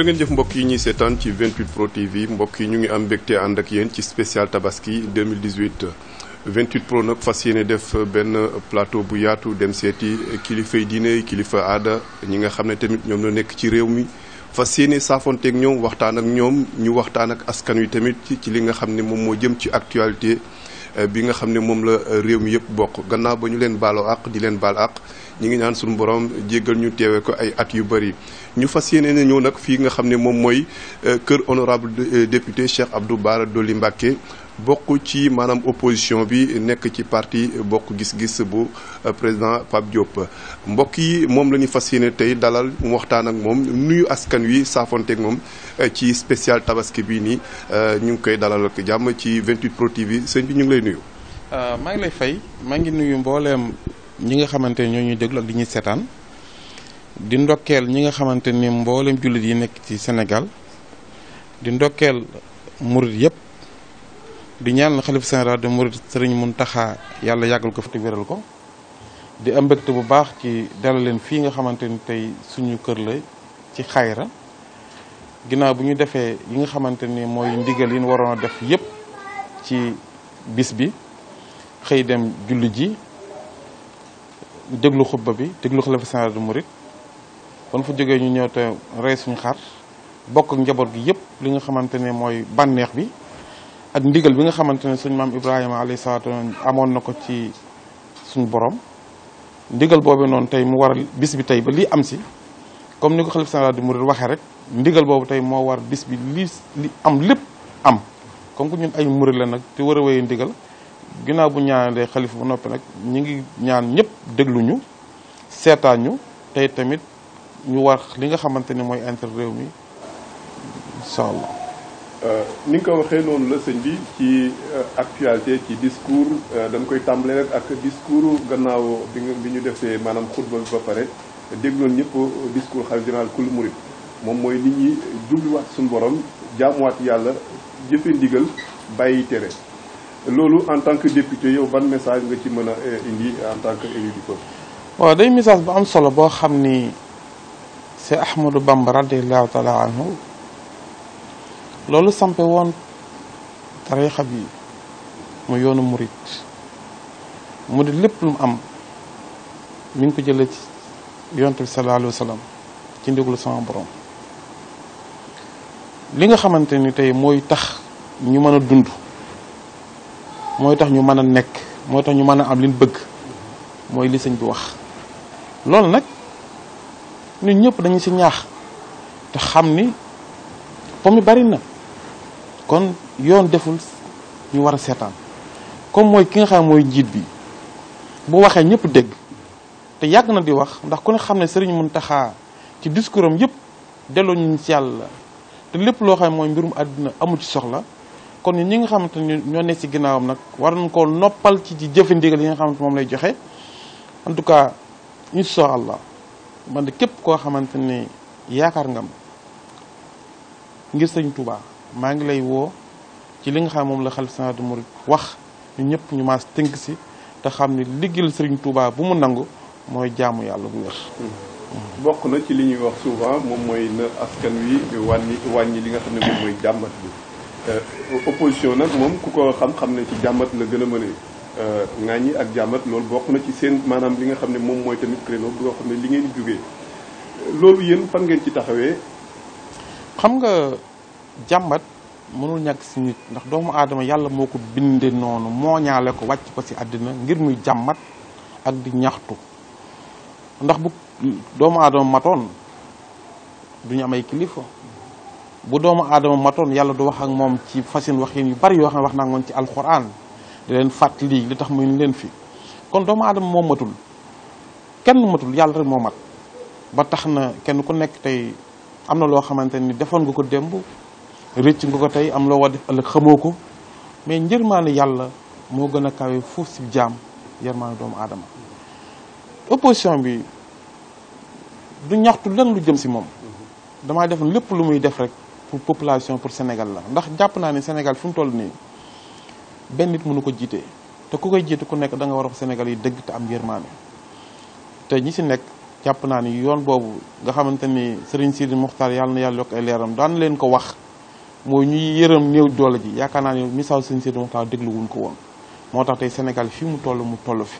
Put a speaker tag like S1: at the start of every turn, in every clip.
S1: jërë ngeen jëf mbokk yi ñuy seetaan ci 28 Pro TV mbokk yi ñu ngi am mbégte ànd ak yéen ci spécial tabaski 2018 28 Pro nag fas yéene def benn plateau bu yaatu dem seeti kilifay diine kilifa aada ñi nga xam ne tamit ñoom la nekk ci réew mi fas yéene saafonteeg ñoom waxtaan ak ñoom ñu waxtaan ak askan wi tamit ci li nga xam ne moom moo jëm ci actualité bi nga xam ne moom la réew mi yëpp bokk gannaaw ba ñu leen baaloo àq di leen baal àq ñu ngi ñaan sunu borom jéggal ñu teewee ko ay at yu bëri ñu fas yéene na ñëw nag fii nga xam ne moom mooy euh, kër honorable euh, député Cheikh Abdou Bara Dolly Mbacké bokk ci maanaam opposition bi nekk ci parti bokk gis-gis bu euh, président Pape Diop mbokk yi moom la ñu fas yéene tey dalal waxtaan ak moom nuyu askan wi saafonteeg moom ci spécial tabaski bii nii ñu ngi koy dalal ak jàmm ci 28 Pro TV sëñ bi ñu ngi lay nuyu.
S2: maa ngi lay fay maa ngi nuyu mbooleem ñi nga xamante ni ñoo ñuy déglu ak di ñuy seetaan di ndokkeel ñi nga xamante ni mboolem jullit yi nekk ci senegal di ndokkeel murit yëpp di ñaan xalif général de murit mun taxa yàlla yàggal ko fi te wéral ko di am mbëgt bu baax ci dalal leen fii nga xamante ni tey suñu kër la ci xayra ginnaaw bi ñu defee yi nga xamante ni mooy ndigal yi ñu waroon a def yëpp ci bis bi xëy dem julli ji déglu xutba bi déglu xalifa général des mourides kon fa jógee ñu ñëw te rey suñu xar bokk njaboot gi yëpp li nga xamante ne mooy bànneex bi ak ndigal bi nga xamante ne suñ maam Ibrahima alayhi salaatu amoon na ko ci suñu borom ndigal boobu noonu tey mu war bis bi tey ba lii am si comme ni ko xalifa général des mourides waxee rek ndigal boobu tey moo war bis bi lii li am lépp am comme que ñun ay murid la nag te war a wéyee ndigal. ginnaaw bu ñaanalee xalifa bu noppi nag ñi ngi ñaan ñëpp dégluñu seetaan ñu tey tamit ñu wax li nga xamante ni mooy intérêt réew mi incha allah.
S1: Euh, ni nga koy waxee noonu la bi ci euh, actualité ci discours euh, dañ koy tàmbale ak discours gannaaw bi nga bi ñu defee maanaam xutba bi ba pare dégloon ñëpp discours xalifa général kul murit moom mooy nit ñi jubluwaat suñu borom jaamuwaat yàlla jëfe ndigal bàyyi tere. loolu en tant que député yow ban message nga ci mën a eh, indi en tant que élu du peuple
S2: waaw day message bu am solo boo xam ni c'est Ahmadou Bamba radiallahu taala anhu loolu sampe woon xab yi mu yoonu murit mu di lépp lu am mi ngi ko jëlee ci yonte bi sallallahu alayhi ci ndiglu sama boroom li nga xamante ni tey mooy tax ñu mën a dund mooy tax ñu mën a nekk mooy tax ñu mën a am liñ bëgg mooy li sëñ bi wax loolu nag ñun ñëpp dañu ci ñaax te xam ni pom yi bari na kon yoon deful ñu war a seetaan comme mooy ki nga xam mooy njiit bi bu waxee ñëpp dégg te yàgg na di wax ndax ku ne xam ne Sëriñ taxaa ci discours am yëpp delloo ñu ci yàlla te lépp loo xam ne mooy mbirum àdduna amul ci soxla kon ñi nga xamante ni ñoo ne ci ginnaawam nag war nañ koo noppal ci ci jëfe ndigal yi nga xamante moom lay joxe en tout cas incha allah man de képp koo xamante ni yaakaar ngam ngir sëñ Touba maa ngi lay woo ci li nga xam moom la xalif général des mourides wax ñëpp ñu maas tënk si te xam ni liggéeyal sëriñ Touba bu mu nangu mooy jaamu yàlla bu wér.
S1: bokk ci li ñuy wax souvent moom mooy na askan wi wàññi wàññi li nga xam ne moom mooy jàmbat bi. Euh, opposition nag moom ku ko xam-xam ne ci jàmbat la gën a mën a euh, ŋàññi ak jàmbat loolu bokk na ci seen maanaam li nga xam ne moom mooy tamit créneau bu nga xam li ngeen jógee loolu yéen fan ngeen ci taxawee.
S2: xam nga jàmbat mënul ñàkk si nit ndax doomu aadama yàlla moo ko bindee noonu moo ñaale ko wàcc ko si àddina ngir muy jàmbat ak di ñaxtu ndax bu doomu aadama matoon duñu am ay kilifa. bu doomu aadama matoon yàlla du wax ak moom ci fasin waxin yu bari yoo xam ne wax naa moom ci alxuraan di leen fàttali li tax muy ñu leen fi kon doomu adama moom matul kenn matul yàlla rek moo mat ba tax na kenn ku nekk tey am na loo xamante ni defoon nga ko démb rëcc nga ko tey am loo war def ëllëg xamoo ko mais njërmaane yàlla moo gën a kawe fuuf si jaam njërmaane doomu aadama opposition bi du ñaxtu lenn lu jëm si moom dama def lépp lu muy def rek pour population pour Sénégal la ndax jàpp naa ne Sénégal fi mu toll nii benn nit mënu ko jiite te ku koy jiite ku nekk da nga war a Sénégal yi dëgg te am yërmaane te ñi si nekk jàpp naa ni yoon boobu nga xamante ni Serigne Sidi Mokhtar yàlla na yàlla yokk ay leeram daan leen ko wax mooy ñuy yërëm néew doole ji yaakaar naa ne misaal Serigne Sidi Mokhtar dégluwuñ ko woon moo tax tey Sénégal fii mu toll mu toll fi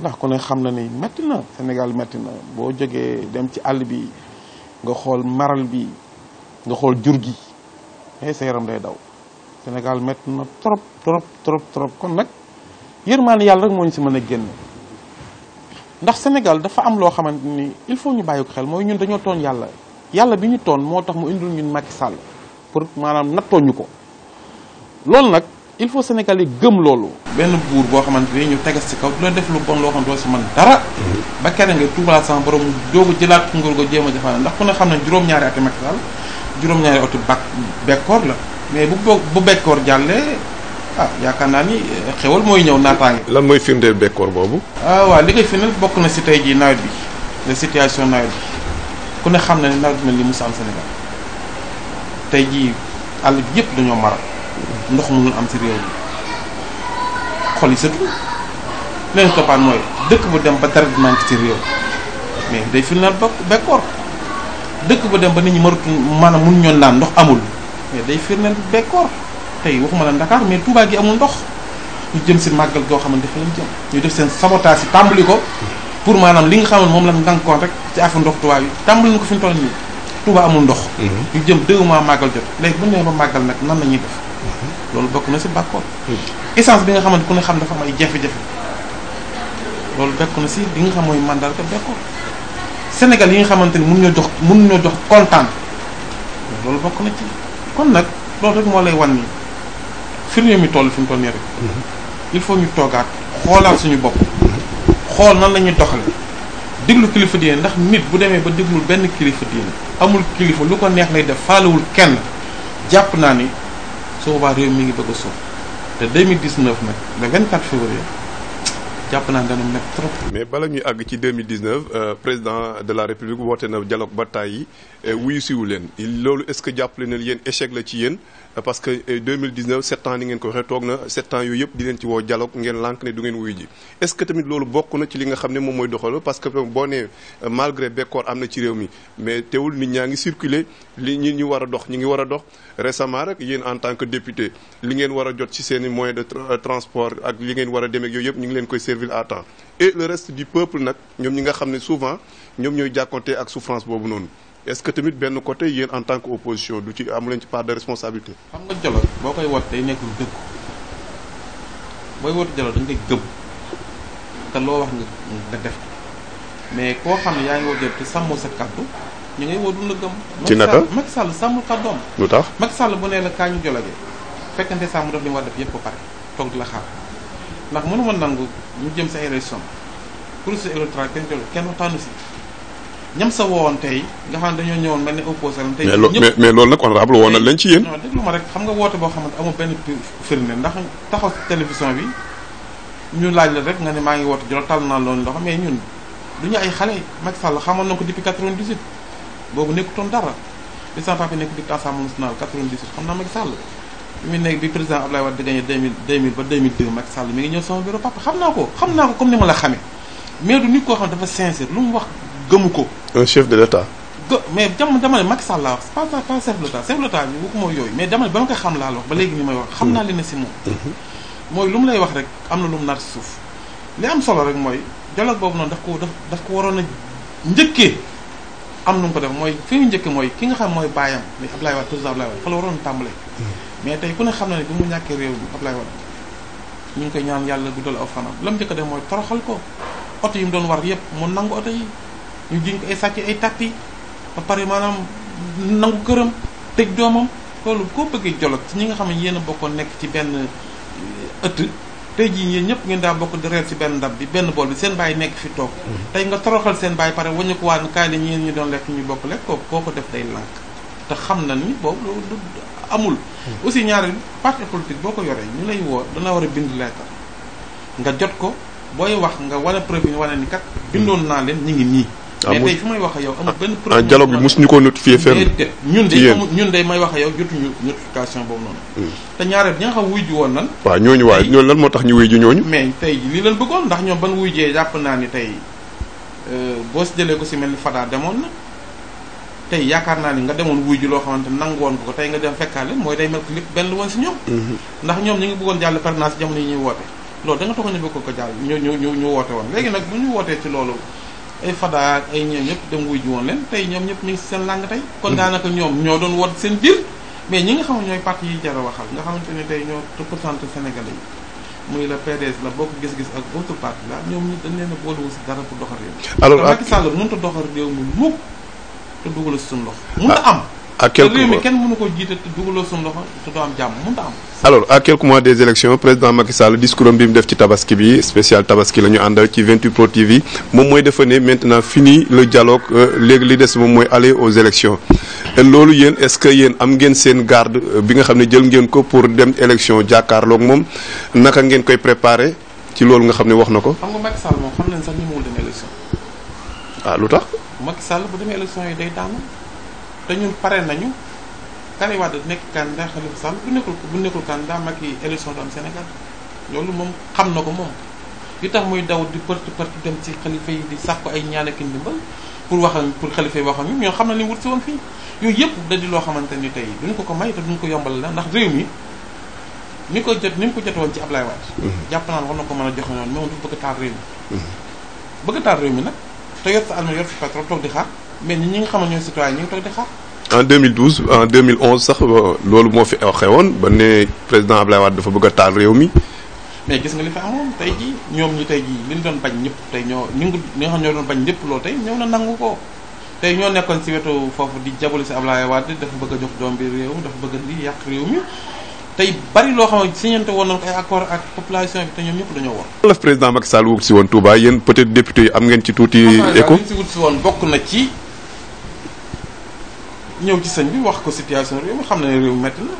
S2: ndax ku ne xam na ni metti na Sénégal métti na boo jógee dem ci àll bi nga xool maral bi nga xool jur gi ay eh, sa yaram day daw Sénégal métti na trop trop trop trop kon nag yërmaane yàlla rek moo ñu si mën a génn ndax Sénégal dafa am loo xamante ni il faut ñu bàyyi ko xel mooy ñun dañoo toon yàlla yàlla bi ñu toon moo tax mu indul ñu Macky Sall pour maanaam nattoo ñu ko loolu nag il faut Sénégal yi gëm loolu. benn buur boo xamante ni ñu tegas ci kaw du la def lu bon loo xam doo si man dara. ba keneen nga tuubalaat sama borom doog a jëlaat nguur go jéem a jafandikoo ndax ku ne xam ne juróom-ñaari ati Macky juróom-ñaari oto bak bekkoor la mais bu bu bekkoor jàllee ah yaakaar naa ni eh, xewal mooy ñëw naataange. lan mooy firndeel bekkoor boobu. ah waaw li koy firndeel bokk na si tey jii nawet bi situation nawet bi xam na ne nawet bi li tey jii àll bi yëpp dañoo maral ndox mënul am si réew mi xol yi surtout leen toppaat mooy dëkk bu dem ba dara di manqué ci réew mais day firndeel bokk bekkoor. dëkk ba dem ba nit ñi marut maanaam mun ñoon naan ndox amul mais day firndeel bekkoor tey waxuma la Dakar mais Touba gi amul ndox ñu jëm si màggal goo xamante fa lañ jëm ñu def seen sabotage tàmbali ko pour maanaam li nga xam moom la ndànkoon rek ci affaire ndox Touba yi tàmbali ko fi ñu toll nii ndox mhm. ñu jëm deux mois màggal jot léegi bu ñu nee ba màggal nag nan la ñuy def mhm. loolu bokk na si bàkkoor mhm. essence bi nga xamante ku ne xam dafa am ay jafe-jafe loolu bokk na si li nga xam mooy mandarga bekkoor Sénégal yi nga xamante ni mënuñoo jox mënuñoo jox kontaan loolu bokk na ci kon nag loolu rek moo lay wan ni fi réew mi toll fi mu toll nii rek mm-hmm. il faut ñu toogaat xoolaat suñu bopp xool nan la ñuy doxale déglu kilifa diine ndax nit bu demee ba déglul benn kilifa diine amul kilifa lu ko neex lay def faalewul kenn jàpp naa ni su boobaa réew mi ngi bëgg a soof te 2019 nag le 24 février jàpp naa dana métti trop. mais bala ñuy àgg ci
S1: euh, président de la république woote na dialogue ba tàyyi euh, wuyu siwu leen loolu est-ce que jàppale na yéen échec la ci yéen parce que 2019 euh, sept ans ni ngeen ko waxee toog na sept yooyu yëpp di leen ci woo dialogue ngeen lànk ne du ngeen wuyu ji est-ce que tamit loolu bokk na ci li nga xam ne moom mooy doxal parce que boo malgré bekkoor am na ci réew mi mais teewul nit ñaa ngi circuler li ñi ñu war a dox ñu ngi war a dox récemment rek yéen en tant que député li ngeen war a servir à temps et le reste du peuple nag ñoom ñi nga xam ne souvent ñoom ñooy jàkkoonte ak souffrance boobu noonu est-ce que tamit benn côté yéen en tant que opposition du ci amu leen ci part de responsabilité.
S2: xam nga dialogue boo koy woot day nekkul dëgg booy wootu dialogue dañ koy gëm te loo wax nga def mais koo xam ne yaa ngi woote te sàmmoo sa kàddu ñu ngay woo du la gëm. ci naka Macky Sall sàmmul kàddoom. lu tax Macky Sall bu nee la kaa ñu dialogue fekkante sàmm daf li mu war def yëpp ba pare toog ndax mënu ma nangu ñu jëm si ay élection processus électoral kenn kenn waxtaanu si ñam sa wowoon tey nga xam ne dañoo ñëwoon mel ni opposé tey mais mais loolu
S1: nag na leen ci
S2: xam nga woote boo xamante amul benn taxaw télévision bi ñu laaj la rek nga ne maa ngi woote jolo tàll naa loolu loxo mais ñun du ñu ay xale Macky Sall xamoon na ko depuis 98 boobu nekkutoon dara di sama papa nekk di assemblée nationale 98 xam naa Macky Sall mi nekk bi président Abdoulaye Wade gagné 2000 2000 ba 2002 Macky Sall mi ngi ñëw sama bureau papa xam naa ko xam naa ko comme ni ma la xamee mais du nit koo xam dafa sincère lu mu wax gëmu ko. mais jamono dama ne Macky Sall laa wax pas ma ko xam laa la wax ba léegi mm-hmm. lu mu lay wax rek am na lu mu naat si suuf. li am solo rek mooy dialogue boobu noonu daf ko daf daf ko waroon a njëkkee am nu mu ko def mooy fi mu njëkkee mooy ki nga xam mooy baayam muy Abdoulaye Wade président Abdoulaye Wade fa la waroon tàmbalee. Mm-hmm. mais tey ku ne xam na ne bi mu ñàkkee réew bi Ablaye Wade ñu ngi koy ñaan yàlla guddal aw fanam lam njëkk a def mooy toroxal ko oto yi mu doon war yëpp mu nangu oto yi ñu jiñ ko ay sàcc ay tàppi ba pare maanaam nangu këram tëj doomam loolu koo bëggee jolo ci ñi nga xam ne yéen a nekk ci benn eh, ëtt tey jii yéen ñëpp ngeen daa bokk di reer ci benn ndab bi benn bool bi seen bàyyi nekk fi toog mm-hmm. tey nga toroxal seen bàyyi pare wañu ko waa kaay la ñeen ñu doon lekk ñu bokk lekk kooku koo def day lànk te xam na ni boobu lu amul. Hmm. aussi ñaari parti politique boo ko yoree ñu lay woo dana war a bind lettre nga jot ko booy wax nga wane preuve wane ni kat bindoon naa leen ñu ngi nii. Ah, mais tey fi may wax ak yow amul benn ah, problème dialogue
S1: bi mosuñu ko notifié fenn ñun de
S2: ñun de may wax ak yow jotuñu notification boobu noonu hmm. te ñaareel ñi nga xam wuy ji woon nan
S1: waaw ñooñu waaye ñooñu lan moo tax ñu wuy ji ñooñu
S2: mais tey lii leen bëggoon ndax ñoom ban wuy jee jàpp naa ni tey euh, boo jëlee ko si mel ni Fada demoon na tey yaakaar naa ni nga demoon wuy ji loo xamante nangu woon ko tey nga dem fekkaat leen mooy day mel ko benn lu woon ñoom mm-hmm. ndax ñoom ñu ngi bëggoon jàll ñu bëgg ko jàll ñu ñu ñu woote woon léegi nag bu ñu wootee ci loolu ay fadaak ay ñoom ñëpp dem wuy ji woon leen ñoom ñëpp ñu ngi seen làng kon mm-hmm. daanaka ñoom ñoo doon woot seen biir mais ñi nga xam ñooy parti yi jar a waxal nga xamante ne tey ñoo représenté sénégalais yi muy la PDS la bokk gis-gis ak autre parti la ñoom ñu dañ leen a boolewul si dara pour doxal réew alors Macky Sall mukk te dugaloo si mun
S1: na ah, am. à quelques mois kenn
S2: mënu ko jàmm mun na am.
S1: alors mois des élections président Macky Sall discours bi mu def ci tabaski bi spécial tabaski la ñu àndal ci 28 Pro TV moom mooy dafa ne maintenant fini le dialogue euh, léegi li des moom mooy aller aux élections loolu yéen est-ce que yéen am ngeen seen garde euh, bi nga xam ne jël ngeen ko pour dem élection jàkkaarloog moom naka ngeen koy préparer ci loolu nga xam ne wax na ko. ah lu tax.
S2: Macky sàll bu demee élection yi day daanu te ñun pare nañu Karim Wade nekk candidat Khalifa Sall bu nekkul bu nekkul candidat Macky élection du am Sénégal loolu moom xam na ko moom. li tax muy daw di përti përti dem ci xalifa yi di ko ay ñaan ak ndimbal pour wax pour xalifa yi waxam ñoo xam ne ni wut si woon fii yooyu yëpp da di loo xamante ni tey duñ ko ko may te duñ ko yombal la ndax réew mi ni ko jot ni mu ko jot woon ci Ablaye Wade mhm. jàpp naa war na ko mën a joxe noonu mais moom dafa bëgg taal réew mi mhm. bëgg taal te yor sa arme yor sa pétrole toog di xaar mais nit ñi nga xam ne ñooy citoyen ñi ngi toog di xaar.
S1: en 2012 en 2011 sax euh, loolu moo fi xewoon ba ne président Ablaye Wade dafa bëgg a taal réew mi.
S2: mais gis nga li fi amoon tey jii ñoom ñi tey jii li ñu doon bañ ñëpp tey ñoo ñu ngi ñi nga xam ñoo doon ñëpp loo tey ñëw na nangu ko tey ñoo nekkoon si wetu foofu di jabali si Ablaye Wade dafa bëgg a jox doom bi réew dafa bëgg di yàq réew mi. tey bari loo xam ne signante woon nañ ko ay accord ak population bi te ñoom ñëpp dañoo war.
S1: la président Macky Sall wut si woon Touba yéen peut-être député yi am ngeen ci tuuti. écho si
S2: wut si woon bokk na ci ñëw ci sëñ bi wax ko situation réew mi xam na ne réew métti na.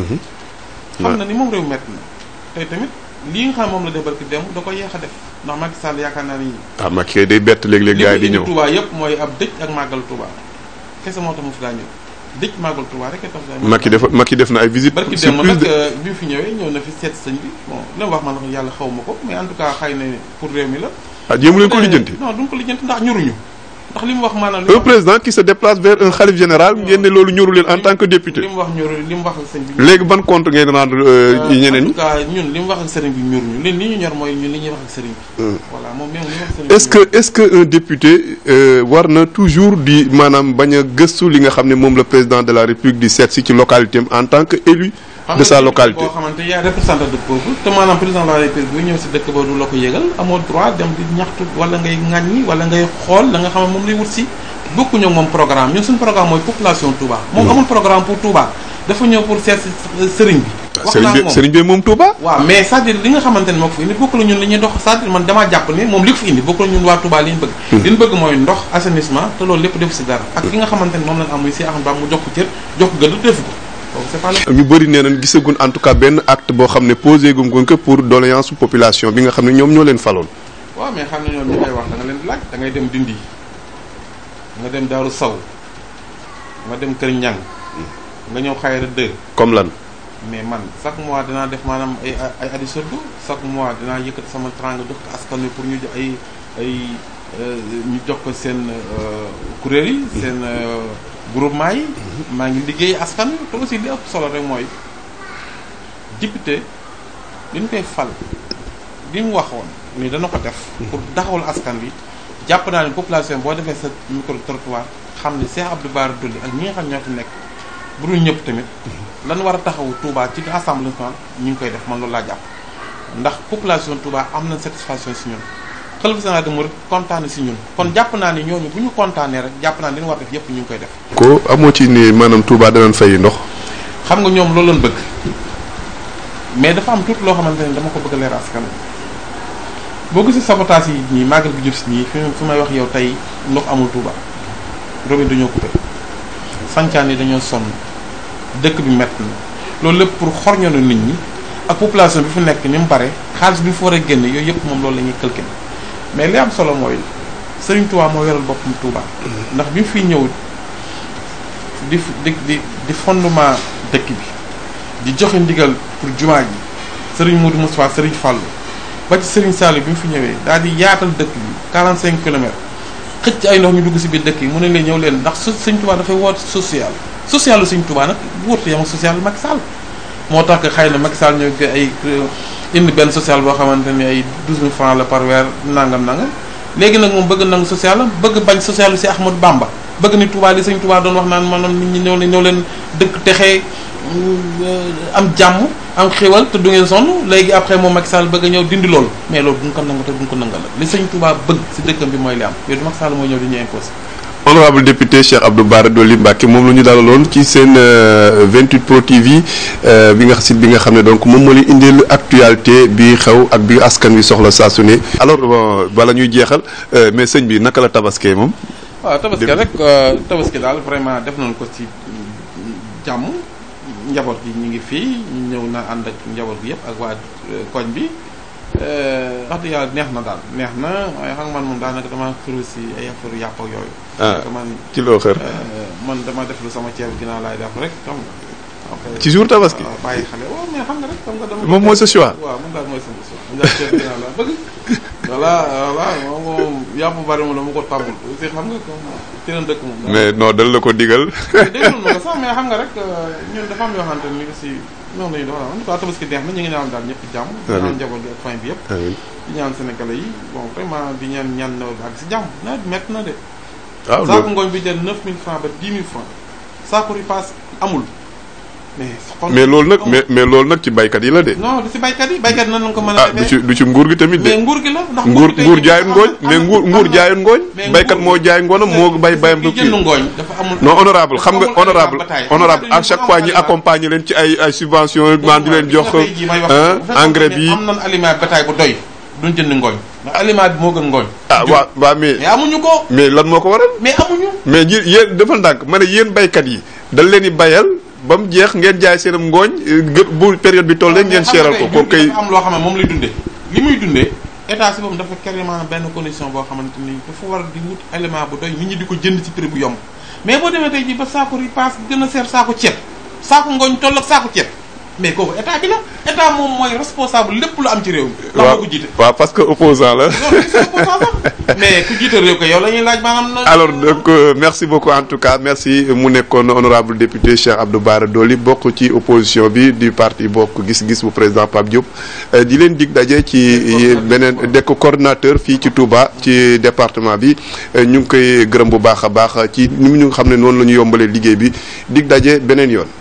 S1: Mhm. xam na
S2: ni moom réew métti na tey tamit lii nga xam moom la débarqué démb da ko yéex a def ndax Macky Sall yaakaar naa ni.
S1: ah Macky day bett léeg-léeg gars yi di ñëw li Touba
S2: yëpp mooy ab dëj ak màggal Touba kese moo tax mu fi daa ñëw. dëj màggal Tuubaa rek tax Macky def
S1: Macky def na ay visite surprise euh,
S2: bi fi ñëwee ñëw na fi seet sëñ bi bon la wax man la yàlla xaw ma ko mais en tout ne pour réew mi la
S1: ah jéemu leen ko euh, lijjanti
S2: non duñ ko lijjanti ndax ñuruñu ndax li mu wax maanaam. un
S1: président qui se déplace vers un xalif général ngeen loolu ñoru leen en tant que député. li mu
S2: wax ñoru li mu wax ak sëñ bi.
S1: léegi ban compte ngeen euh, euh, ñeneen
S2: ñi. li mu wax ak sëriñ bi ñor ñu mooy li ñuy wax ak sëriñ bi. Euh. moom même est ce
S1: que est ce que un député war na toujours di maanaam bañ a gëstu li nga xam ne moom la président de la république di seet si ci localité en tant que élu. de sa localité boo
S2: xamante yaa représentant de peuple te maanaam président de la république bu ñëw si dëkk ba du la nga xam ne moom lay moom programme ñun mm. moom amul programme pour Touba dafa ñëw pour seet si euh, sëriñ bi wax naa moom sëriñ bi moom Touba waaw mais c'est-à-dire li nga xamante ne moo ko fi indi bokkul ñun li ñuy dox cest man damaa jàpp ne moom li ko fi indi bokkul ñun waa Touba li ñu bëgg mm. li ñu bëgg mooy ndox assainissement te loolu lépp def si dara ak ki nga xamante moom lañ am si axam ba mu jox ko cër
S1: ñu bëri nee nañ gisaguñ en tout cas benn acte boo xam ne posé gum ko que pour doléance population bi nga xam ne ñoom ñoo leen faloon.
S2: oo mais xam ne ñoom ñi koy wax da nga leen di laaj da dem Dindi nga dem Daaru Saw nga dem Kër Ñang nga ñëw Xayra 2. comme lan. mais man chaque mois danaa def maanaam ay ay addi chaque mois danaa yëkkati sama trang jox ko askan wi pour ñu ay ay euh, ñu jox ko seen euh, kuréel seen. Euh, groupement yi. maa ngi liggéey askan te aussi li ëpp solo rek mooy député li ñu koy fal li mu waxoon ni dana ko def. pour daxawul askan wi jàpp naa ne population boo defee sa micro trottoir xam ne Cheikh Abdou Bara Dolly ak ñi nga xam ñoo fi nekk bu dul ñëpp tamit. lan war a taxawu Touba ci assemblée nationale ñu ngi koy def man loolu laa jàpp ndax population Touba am na satisfaction si ñun. xalifa général de kontaan si ñun kon jàpp naa ni ñooñu bu ñu kontaanee rek jàpp naa ni li ñu war def yëpp ñu ngi koy def.
S1: ko amoo ci ni maanaam Touba danañ fay ndox.
S2: xam nga ñoom loolu lañ bëgg mais am tuuti loo xamante ne dama ko bëgg a leer askan boo gisee sabotage yi ñii màggal bi si ñii fi fi may wax yow tey ndox amul Touba robinet dañoo coupé dañoo sonn dëkk bi mett na loolu lépp pour xorñoonu nit ñi ak population bi fi nekk ni mu bare xaalis bi mu war a génn yooyu yëpp moom loolu la ñuy këlkin mais li am solo mooy Serigne Touba moo yoral boppam Touba. ndax bi mu fiy ñëw di di fondement dëkk bi di joxe ndigal pour jumaa ji Serigne Modou Moustapha Serigne Fallou ba ci Serigne Saliou bi mu fi ñëwee daal di yaatal dëkk bi 45 kilomètres xëcc ay ndox ñu dugg si biir dëkk yi mu ne leen ñëw leen ndax su Serigne dafay woote social. social lu Serigne Touba nag wóortu ma social Macky Sall moo tax que xëy na mag Sall ñëw fi ay indi benn social boo xamante ni ay douze mille francs la par weer nangam nangam léegi nag moom bëgg nangu social bëgg bañ social si Ahmadou Bamba bëgg ni Touba li sëñ Touba doon wax naan maanaam nit ñi ñoo leen ñoo leen dëkk texe euh, am jàmm am xéwal te du ngeen sonn léegi après moom Macky Sall bëgg a ñëw dindi loolu mais loolu duñ ko nangu te duñ ko nangal li sëñ Touba bëgg si dëkkam bi mooy li yooyu du Macky Sall mooy ñëw di ñu imposé
S1: honorable député Cheikh Abdou Bara Dolly Mbacké moom la ñu dalaloon ci seen 28 euh, Pro TV euh, bi nga site bi nga xam ne donc moom moo leen indil actualité bi xew ak bi askan wi soxla saa su ne. alors bon euh, bala ñuy jeexal mais sëñ bi naka la tabaskee moom.
S2: waaw tabaski rek tabaski daal vraiment def nañ ko ci jàmm njaboot bi ñu ngi fii ñu ñëw na ànd ak njaboot bi yëpp ak waa koñ bi. Euh, wax dëgg yàlla neex na daal neex na waaye xam nga man moom daanaka dama xëru si ay affaire yàpp ak yooyu. ah ci xër euh, man dama def lu sama ceeb dinaa laay def rek xam nga. ci jour tabaski bàyyi xale waaw mais xam nga rek. xam nga dama moom moo sa choix. waaw moom daal mooy sama choix. mu daal ceeb ginnaaw laa bëgg. voilà euh, voilà moom moom yàpp bari ma dama ko tàmbul aussi xam nga ko leen dëkk moom. mais
S1: non dal la ko digal.
S2: déglu ma ko sax mais xam nga rek euh, ñun dafa am yoo xamante ni aussi noonu la ñuy doxal en na ñu ngi ñaan daal ñëpp jàmm. amiin ñaan njaboot gi ak famille bi yëpp. amiin di ñaan sénégalais yi bon vraiment di ñaan ñaan nawet ak si jàmm nawet bi na de. waaw ah, loolu saako ngooñ bi jël 9000 francs ba 10 000 francs saako ripaas amul. mais loolu
S1: nag mais mais loolu nag ci baykat yi la de.
S2: non du ci ko mën a. Ah,
S1: du ci nguur gi tamit de. nguur gi la ndax nguur nguur jaayut ngooñ. mais nguur nguur jaayut ngooñ. baykat moo jaay ngoonam moo bay bayam. kii jënd ngooñ dafa amul. non honorable xam nga honorable honorable à chaque fois ñi accompagner leen ci ay ay subventions maan di leen jox. engrais bi am nañ aliment bataay bu doy. duñ jënd ngooñ. aliment bi moo gën ngooñ. ah waa waa mais. mais amuñu ko. mais lan moo ko waral. mais amuñu. mais yéen defal ndànk ma ne yéen baykat yi dal leen di bayal ba mu jeex ngeen jaay seenam ngooñ bu période bi tollee ngeen seeral ko ko kay am loo xam ne
S2: moom lay dundee li muy dundee état si boobu dafa carrément benn condition boo xamante ni dafa war di wut élément bu doy nit ñi di ko jënd ci prix bu yomb mais boo demee tey ji ba saako ripaas gën a seer saako ceeb saako ngooñ toll ak saako ceeb mais kooku état bi la état moom mooy responsable lépp lu am ci réew mi.
S1: waaw parce que opposant la.
S2: mais ku jiite réew ko yow la laaj maanaam.
S1: alors donc euh, merci beaucoup en tout cas merci mu nekkoon honorable député Cheikh Abdou Bara Dolly bokk ci opposition bi di parti bokk gis-gis bu président Pape Diop. Euh, di leen dig daje ci beneen dekk coordinateur fii ci Touba ci département bi euh, ñu ngi koy gërëm bu baax a baax ci ni ñu xam ne noonu la ñu yombalee liggéey bi di daje beneen yoon.